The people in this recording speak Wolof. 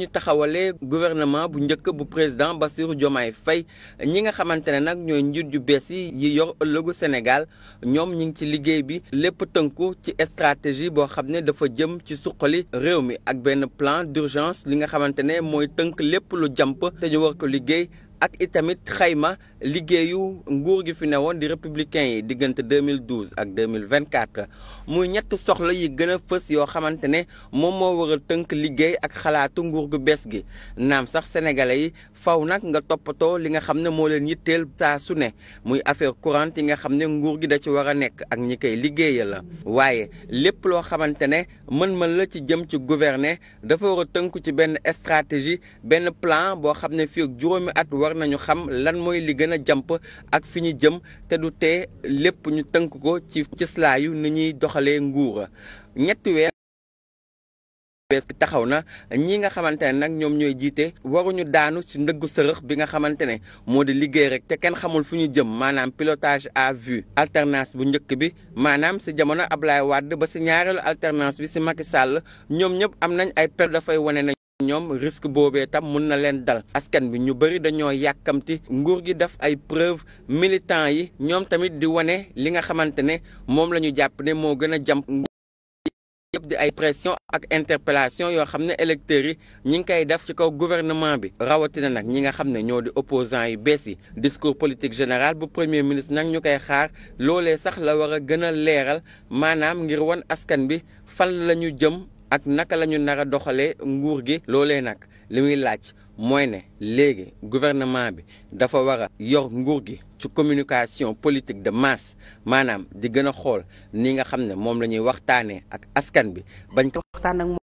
ñu taxawalee gouvernement bu njëkk bu président Bassirou Diomaye Faye ñi nga xamante ne nag ñooy njiit yu bees yi yi yor ëllëgu Sénégal ñoom ñi ngi ci liggéey bi lépp tënku ci stratégie boo xam ne dafa jëm ci suqali réew mi ak benn plan d'urgence li nga xamante ne mooy tënk lépp lu jàmp te ñu war ko liggéey ak itamit xayma liggéeyu nguur gi fi ne woon di républicain yi diggante 2012 ak 2024 muy ñett soxla yi gën a fës yoo xamante ne moom moo war a tënk liggéey ak xalaatu nguur gu bees gi naam sax sénégalais yi faw nag nga toppatoo li nga xam ne moo leen yitteel saa su ne muy affaire courante yi nga xam ne nguur gi da ci war a nekk ak ñi koy liggéeya la waaye lépp loo xamante ne mën-mën la ci jëm ci gouverner dafa war a tënk ci benn stratégie benn plan boo xam ne fii ak war nañu xam lan mooy li gën a jàmp ak fi ñu jëm te du tee lépp ñu tënk ko ci cëslaayu ni ñuy doxalee nguura ñetti weer bees taxaw na ñi nga xamante ne nag ñoom ñooy jiite waruñu daanu ci ndëggu sërëx bi nga xamante ne moo di liggéey rek te kenn xamul fu ñu jëm maanaam pilotage à vue alternance bu njëkk bi maanaam si jamono Ablaye Wade ba ci ñaareelu alternance bi ci Macky ñoom ñëpp am nañ ay per dafay wane nañ ñoom risque boobee tam mun na leen dal askan bi ñu bëri dañoo yàkkamti nguur gi def ay preuve militant yi ñoom tamit di wane li nga xamante ne moom la ñu jàpp ne moo gën a jàmp yëpp di ay pression ak interpellation yoo xam ne électeurs yi ñi ngi koy def ci kaw gouvernement bi rawatina nag ñi nga xam ne ñoo di opposants yi bees yi discours politique général bu premier ministre nag ñu koy xaar loolee sax la war a gën a leeral maanaam ngir wan askan bi fan la ñu jëm ak naka la ñu nar a doxalee nguur gi loolee nag li muy laaj mooy ne léegi gouvernement bi dafa war a yor nguur gi ci communication politique de masse maanaam di gën a xool ni nga xam ne moom la ñuy waxtaanee ak askan bi bañ ko waxtaan ak